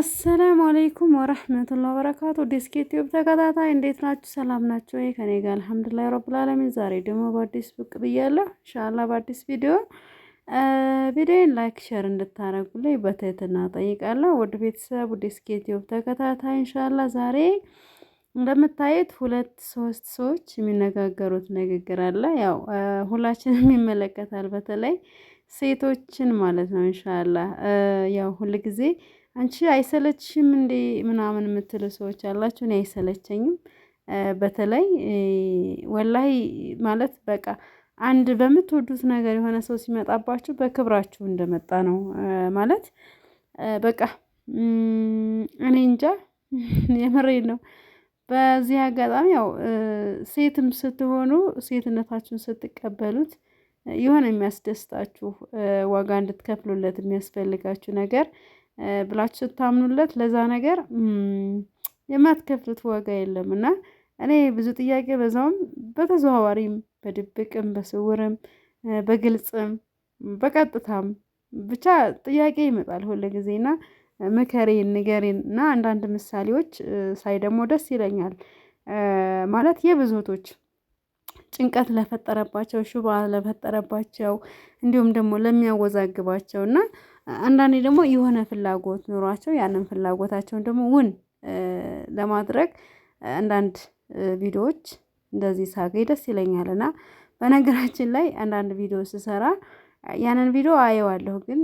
አሰላሙ አለይኩም ወረህመቱላ በረካቱ ዲስክ ዩቲዩብ ተከታታይ እንዴት ናችሁ? ሰላም ናችሁ ወይ? ከኔ ጋር አልሐምዱሊላሂ ረብል ዛሬ ደግሞ በአዲስ ብቅ ብያለሁ። እንሻላ በአዲስ ቪዲዮ ቪዲዮን ላይክ፣ ሸር እንድታረጉልኝ በትህትና ጠይቃለሁ። ወደ ቤተሰብ ዲስክ ዩቲዩብ ተከታታይ እንሻላ ዛሬ እንደምታየት ሁለት ሶስት ሰዎች የሚነጋገሩት ንግግር አለ። ያው ሁላችንም ይመለከታል፣ በተለይ ሴቶችን ማለት ነው። እንሻላ ያው ሁልጊዜ አንቺ አይሰለችሽም እንዴ ምናምን የምትሉ ሰዎች አላችሁ። እኔ አይሰለቸኝም። በተለይ ወላይ ማለት በቃ አንድ በምትወዱት ነገር የሆነ ሰው ሲመጣባችሁ በክብራችሁ እንደመጣ ነው ማለት በቃ እኔ እንጃ የምሬ ነው። በዚህ አጋጣሚ ያው ሴትም ስትሆኑ ሴትነታችሁን ስትቀበሉት የሆነ የሚያስደስታችሁ ዋጋ እንድትከፍሉለት የሚያስፈልጋችሁ ነገር ብላችሁ ስታምኑለት ለዛ ነገር የማትከፍሉት ዋጋ የለም እና እኔ ብዙ ጥያቄ በዛውም በተዘዋዋሪም በድብቅም በስውርም በግልጽም በቀጥታም ብቻ ጥያቄ ይመጣል ሁል ጊዜና ምከሬን ንገሬን እና አንዳንድ ምሳሌዎች ሳይ ደግሞ ደስ ይለኛል። ማለት የብዙቶች ጭንቀት ለፈጠረባቸው፣ ሹባ ለፈጠረባቸው እንዲሁም ደግሞ ለሚያወዛግባቸው እና አንዳንዴ ደግሞ የሆነ ፍላጎት ኑሯቸው ያንን ፍላጎታቸውን ደግሞ ውን ለማድረግ አንዳንድ ቪዲዮዎች እንደዚህ ሳገኝ ደስ ይለኛል። እና በነገራችን ላይ አንዳንድ ቪዲዮ ስሰራ ያንን ቪዲዮ አየዋለሁ፣ ግን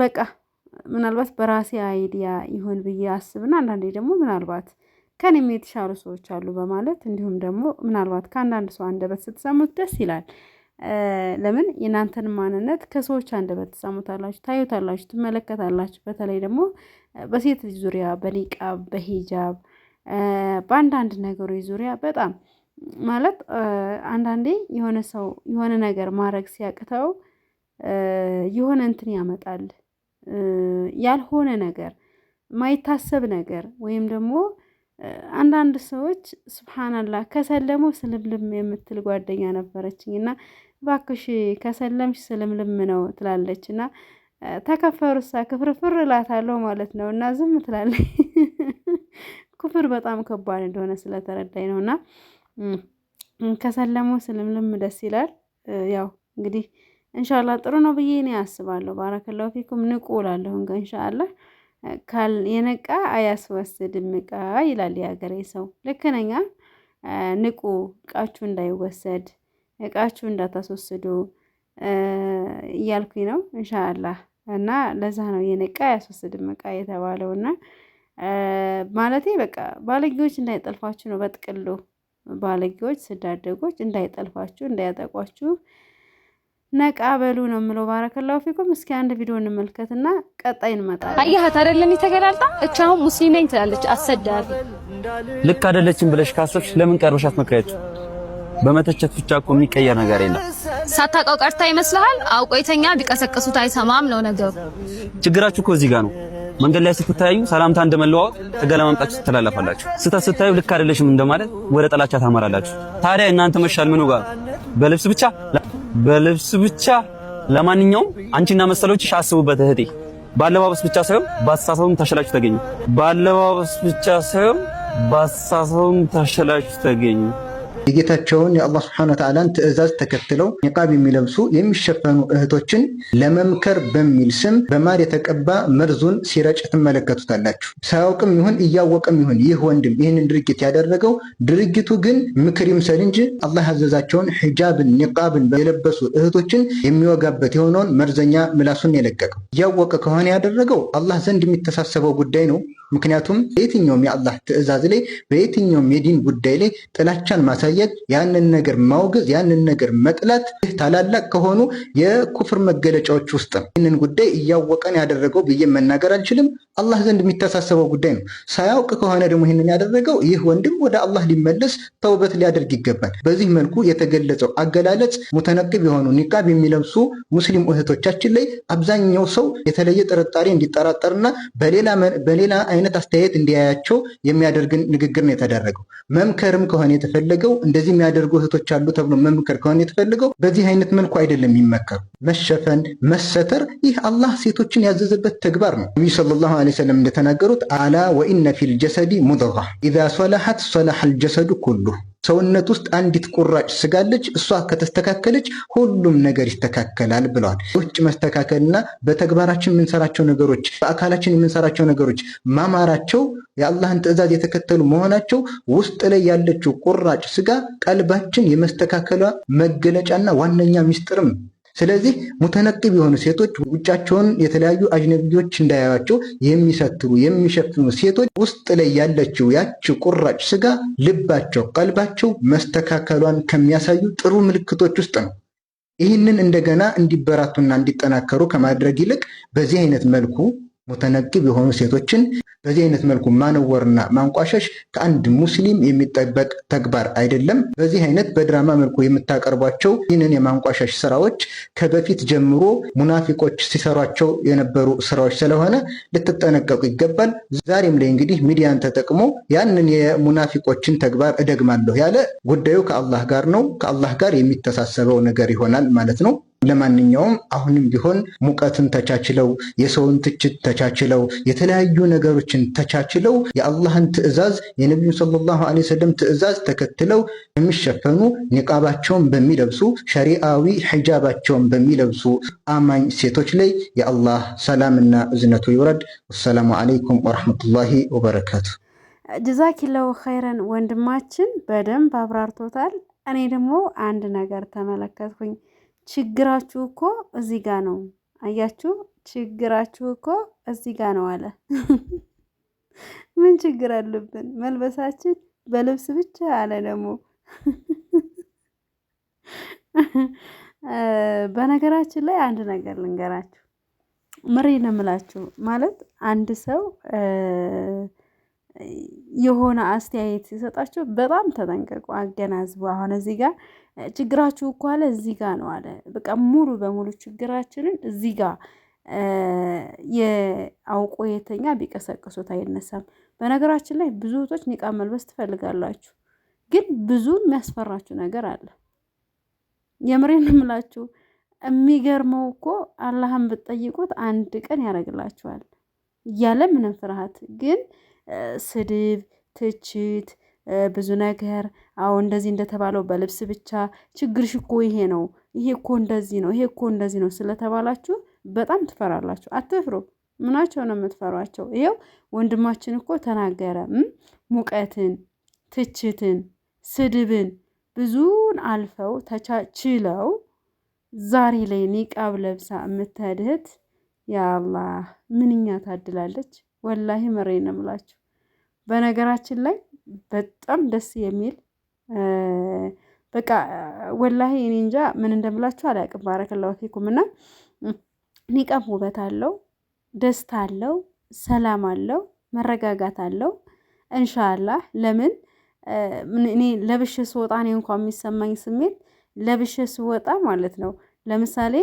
በቃ ምናልባት በራሴ አይዲያ ይሁን ብዬ አስብና አንዳንዴ ደግሞ ምናልባት ከኔም የተሻሉ ሰዎች አሉ በማለት እንዲሁም ደግሞ ምናልባት ከአንዳንድ ሰው አንደበት ስትሰሙት ደስ ይላል። ለምን የእናንተን ማንነት ከሰዎች አንደበት ትሰሙታላችሁ፣ ታዩታላችሁ፣ ትመለከታላችሁ። በተለይ ደግሞ በሴት ልጅ ዙሪያ በኒቃብ በሂጃብ በአንዳንድ ነገሮች ዙሪያ በጣም ማለት አንዳንዴ የሆነ ሰው የሆነ ነገር ማድረግ ሲያቅተው የሆነ እንትን ያመጣል ያልሆነ ነገር ማይታሰብ ነገር ወይም ደግሞ አንዳንድ ሰዎች ስብሓናላህ ከሰለሙ ስልምልም የምትል ጓደኛ ነበረችኝ እና ባክሽ ከሰለምሽ ስልምልም ነው ትላለች እና ተከፈሩሳ ክፍርፍር እላታለሁ ማለት ነው እና ዝም ትላለች። ክፍር በጣም ከባድ እንደሆነ ስለተረዳኝ ነው እና ከሰለሙ ስልምልም ደስ ይላል። ያው እንግዲህ እንሻላ ጥሩ ነው ብዬ እኔ አስባለሁ። ባረከላሁ ፊኩም ንቁ እላለሁ የነቃ አያስወስድም እቃ ይላል የሀገሬ ሰው። ልክ ነኝ። ንቁ፣ እቃችሁ እንዳይወሰድ፣ እቃችሁ እንዳታስወስዱ እያልኩኝ ነው ኢንሻአላህ። እና ለዛ ነው የነቃ አያስወስድም እቃ የተባለው። እና ማለቴ በቃ ባለጌዎች እንዳይጠልፋችሁ ነው። በጥቅሉ ባለጌዎች፣ ስዳደጎች እንዳይጠልፋችሁ እንዳያጠቋችሁ ነቃ በሉ ነው የምለው። ባረከላሁ ፊኩም። እስኪ አንድ ቪዲዮ እንመልከትና ቀጣይ እንመጣለን። አያህት አይደለም የተገላልጣ እቻው ሙስሊም ነኝ ትላለች። አሰዳፊ ልክ አይደለችም ብለሽ ካሰብሽ ለምን ቀርበሻት መክሪያችሁ? በመተቸት ብቻ እኮ የሚቀየር ነገር የለም። ሳታውቀው ቀርታ ይመስልሃል? አውቆ ቢቀሰቅሱት አይሰማም ነው ነገሩ። ችግራችሁ እኮ እዚህ ጋር ነው። መንገድ ላይ ስትታዩ ሰላምታ እንደመለዋወጥ ተገለማምጣችሁ ትተላለፋላችሁ። ስህተት ስታዩ ልክ አይደለሽም እንደማለት ወደ ጥላቻ ታመራላችሁ። ታዲያ እናንተ መሻል ምኑ ጋር በልብስ ብቻ በልብስ ብቻ። ለማንኛውም አንቺና መሰሎችሽ አስቡበት እህቴ። ባለባበስ ብቻ ሳይሆን ባስተሳሰብም ተሸላችሁ ተገኙ። ባለባበስ ብቻ ሳይሆን ባስተሳሰብም ተሸላችሁ ተገኙ። የጌታቸውን የአላህ ስብሐነሁ ወተዓላን ትዕዛዝ ተከትለው ኒቃብ የሚለብሱ የሚሸፈኑ እህቶችን ለመምከር በሚል ስም በማር የተቀባ መርዙን ሲረጭ ትመለከቱታላችሁ። ሳያውቅም ይሁን እያወቅም ይሁን ይህ ወንድም ይህንን ድርጊት ያደረገው ድርጊቱ ግን ምክር ይምሰል እንጂ አላህ ያዘዛቸውን ሒጃብን ኒቃብን የለበሱ እህቶችን የሚወጋበት የሆነውን መርዘኛ ምላሱን የለቀቀው እያወቀ ከሆነ ያደረገው አላህ ዘንድ የሚተሳሰበው ጉዳይ ነው። ምክንያቱም በየትኛውም የአላህ ትዕዛዝ ላይ በየትኛውም የዲን ጉዳይ ላይ ጥላቻን ማሳየት፣ ያንን ነገር ማውገዝ፣ ያንን ነገር መጥላት ይህ ታላላቅ ከሆኑ የኩፍር መገለጫዎች ውስጥ ነው። ይህንን ጉዳይ እያወቀን ያደረገው ብዬ መናገር አልችልም። አላህ ዘንድ የሚተሳሰበው ጉዳይ ነው። ሳያውቅ ከሆነ ደግሞ ይህንን ያደረገው ይህ ወንድም ወደ አላህ ሊመለስ ተውበት ሊያደርግ ይገባል። በዚህ መልኩ የተገለጸው አገላለጽ ሙተነቅብ የሆኑ ኒቃብ የሚለብሱ ሙስሊም እህቶቻችን ላይ አብዛኛው ሰው የተለየ ጥርጣሬ እንዲጠራጠርና በሌላ አይነት አይነት አስተያየት እንዲያያቸው የሚያደርግን ንግግር ነው የተደረገው። መምከርም ከሆነ የተፈለገው እንደዚህ የሚያደርጉ እህቶች አሉ ተብሎ መምከር ከሆነ የተፈለገው በዚህ አይነት መልኩ አይደለም የሚመከሩ። መሸፈን፣ መሰተር ይህ አላህ ሴቶችን ያዘዘበት ተግባር ነው። ነቢዩ ሰለላሁ ዐለይሂ ወሰለም እንደተናገሩት አላ ወኢነ ፊል ጀሰዲ ሙድጋ ኢዛ ሶላሐት ሶላሐል ጀሰዱ ኩሉ ሰውነት ውስጥ አንዲት ቁራጭ ስጋለች። እሷ ከተስተካከለች ሁሉም ነገር ይስተካከላል ብለዋል። ውጭ መስተካከልና በተግባራችን የምንሰራቸው ነገሮች፣ በአካላችን የምንሰራቸው ነገሮች ማማራቸው የአላህን ትዕዛዝ የተከተሉ መሆናቸው ውስጥ ላይ ያለችው ቁራጭ ስጋ ቀልባችን የመስተካከሏ መገለጫና ዋነኛ ሚስጥርም ስለዚህ ሙተነቅብ የሆኑ ሴቶች ውጫቸውን የተለያዩ አጅነቢዎች እንዳያዩቸው የሚሰትሩ የሚሸፍኑ ሴቶች ውስጥ ላይ ያለችው ያች ቁራጭ ስጋ ልባቸው፣ ቀልባቸው መስተካከሏን ከሚያሳዩ ጥሩ ምልክቶች ውስጥ ነው። ይህንን እንደገና እንዲበራቱና እንዲጠናከሩ ከማድረግ ይልቅ በዚህ አይነት መልኩ ሙተነቅብ የሆኑ ሴቶችን በዚህ አይነት መልኩ ማነወርና ማንቋሸሽ ከአንድ ሙስሊም የሚጠበቅ ተግባር አይደለም። በዚህ አይነት በድራማ መልኩ የምታቀርቧቸው ይህንን የማንቋሸሽ ስራዎች ከበፊት ጀምሮ ሙናፊቆች ሲሰሯቸው የነበሩ ስራዎች ስለሆነ ልትጠነቀቁ ይገባል። ዛሬም ላይ እንግዲህ ሚዲያን ተጠቅሞ ያንን የሙናፊቆችን ተግባር እደግማለሁ ያለ ጉዳዩ ከአላህ ጋር ነው፣ ከአላህ ጋር የሚተሳሰበው ነገር ይሆናል ማለት ነው። ለማንኛውም አሁንም ቢሆን ሙቀትን ተቻችለው የሰውን ትችት ተቻችለው የተለያዩ ነገሮችን ተቻችለው የአላህን ትዕዛዝ የነቢዩ ሰለላሁ ዐለይሂ ወሰለም ትዕዛዝ ተከትለው የሚሸፈኑ ኒቃባቸውን በሚለብሱ ሸሪአዊ ሒጃባቸውን በሚለብሱ አማኝ ሴቶች ላይ የአላህ ሰላምና እዝነቱ ይውረድ። ወሰላሙ ዐለይኩም ወረሕመቱላሂ ወበረካቱ። ጀዛኪላሁ ኸይረን ወንድማችን በደንብ አብራርቶታል። እኔ ደግሞ አንድ ነገር ተመለከትኩኝ። ችግራችሁ እኮ እዚህ ጋ ነው። አያችሁ፣ ችግራችሁ እኮ እዚህ ጋ ነው አለ። ምን ችግር አለብን? መልበሳችን በልብስ ብቻ አለ ደግሞ በነገራችን ላይ አንድ ነገር ልንገራችሁ፣ ምሬ ነው የምላችሁ ማለት አንድ ሰው የሆነ አስተያየት ሲሰጣቸው በጣም ተጠንቀቁ፣ አገናዝቡ። አሁን እዚህ ጋር ችግራችሁ እኮ አለ እዚህ ጋር ነው አለ። በቃ ሙሉ በሙሉ ችግራችንን እዚህ ጋር የአውቆ የተኛ ቢቀሰቅሱት አይነሳም። በነገራችን ላይ ብዙ እህቶች ኒቃብ መልበስ ትፈልጋላችሁ፣ ግን ብዙ የሚያስፈራችሁ ነገር አለ። የምሬን እምላችሁ የሚገርመው እኮ አላህን ብትጠይቁት አንድ ቀን ያደርግላችኋል። እያለ ምንም ፍርሃት ግን ስድብ፣ ትችት ብዙ ነገር አዎ እንደዚህ እንደተባለው በልብስ ብቻ ችግርሽ እኮ ይሄ ነው፣ ይሄ እኮ እንደዚህ ነው፣ ይሄ እኮ እንደዚህ ነው ስለተባላችሁ በጣም ትፈራላችሁ። አትፍሩ። ምናቸው ነው የምትፈሯቸው? ይኸው ወንድማችን እኮ ተናገረ። ሙቀትን፣ ትችትን፣ ስድብን ብዙን አልፈው ተቻችለው ዛሬ ላይ ኒቃብ ለብሳ የምትሄድ እህት ያአላህ ምንኛ ታድላለች ወላሂ መሬ ነው የምላችሁ። በነገራችን ላይ በጣም ደስ የሚል በቃ ወላሂ እኔ እንጃ ምን እንደምላችሁ አላውቅም። ባረከላሁ ፊኩም እና ኒቃብ ውበት አለው፣ ደስታ አለው፣ ሰላም አለው፣ መረጋጋት አለው። እንሻላህ ለምን እኔ ለብሼ ስወጣ እኔ እንኳን የሚሰማኝ ስሜት ለብሼ ስወጣ ማለት ነው ለምሳሌ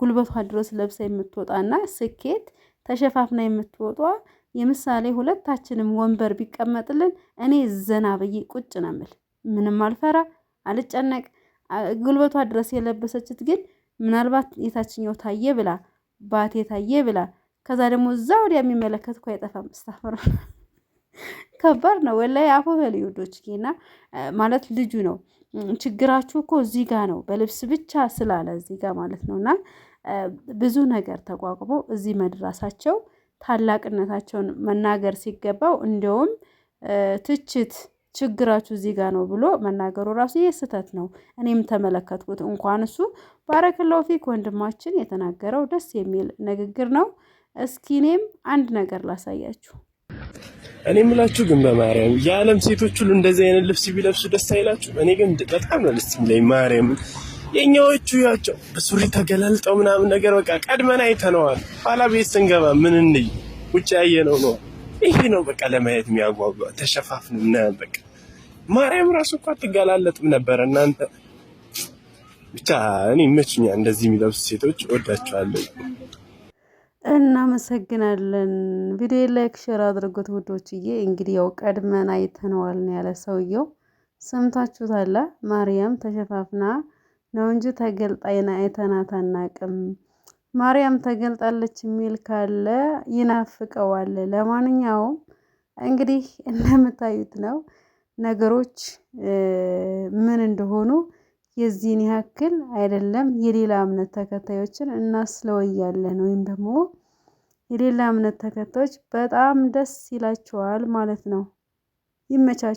ጉልበቷ ድረስ ለብሳ የምትወጣና ስኬት ተሸፋፍና የምትወጧ የምሳሌ ሁለታችንም ወንበር ቢቀመጥልን እኔ ዘና ብዬ ቁጭ ነው የምል። ምንም አልፈራ አልጨነቅ። ጉልበቷ ድረስ የለበሰችት ግን ምናልባት የታችኛው ታየ ብላ ባቴ ታየ ብላ ከዛ ደግሞ እዛ ወዲያ የሚመለከት እኮ አይጠፋም። ስታፈር ከባድ ነው ወላሂ። አፎ በልዩዶች ጌና ማለት ልጁ ነው ችግራችሁ እኮ እዚህ ጋ ነው በልብስ ብቻ ስላለ እዚህ ጋ ማለት ነው እና ብዙ ነገር ተቋቁሞ እዚህ መድራሳቸው ታላቅነታቸውን መናገር ሲገባው እንደውም ትችት ችግራችሁ እዚህ ጋ ነው ብሎ መናገሩ ራሱ ይህ ስህተት ነው። እኔም ተመለከትኩት። እንኳን እሱ ባረክላው ፊክ ወንድማችን የተናገረው ደስ የሚል ንግግር ነው። እስኪ እኔም አንድ ነገር ላሳያችሁ። እኔ የምላችሁ ግን በማርያም የዓለም ሴቶች ሁሉ እንደዚህ አይነት ልብስ ቢለብሱ ደስ አይላችሁ? እኔ ግን በጣም ነው ደስ የሚለኝ ማርያም። የኛዎቹ ያቸው በሱሪ ተገላልጠው ምናምን ነገር በቃ ቀድመን አይተነዋል። ኋላ ቤት ስንገባ ምን እንይ? ውጭ ያየነው ነው። ይሄ ነው በቃ ለማየት የሚያጓጓ ተሸፋፍን ምናምን በቃ ማርያም ራሱ እኮ አትገላለጥም ነበር እናንተ። ብቻ እኔ መችኛ እንደዚህ የሚለብሱ ሴቶች ወዳቸዋለሁ። እናመሰግናለን ቪዲዮ ላይክ ሼር አድርጉት ውዶችዬ። እንግዲህ ያው ቀድመን አይተነዋል ነው ያለ ሰውየው። ሰምታችሁታል። ማርያም ተሸፋፍና ነው እንጂ ተገልጣይና አይተናት አናቅም። ማርያም ተገልጣለች የሚል ካለ ይናፍቀዋል። ለማንኛውም እንግዲህ እንደምታዩት ነው ነገሮች ምን እንደሆኑ የዚህን ያክል አይደለም የሌላ እምነት ተከታዮችን እናስለወያለን ወይም ደግሞ የሌላ እምነት ተከታዮች በጣም ደስ ይላቸዋል ማለት ነው። ይመቻችሁ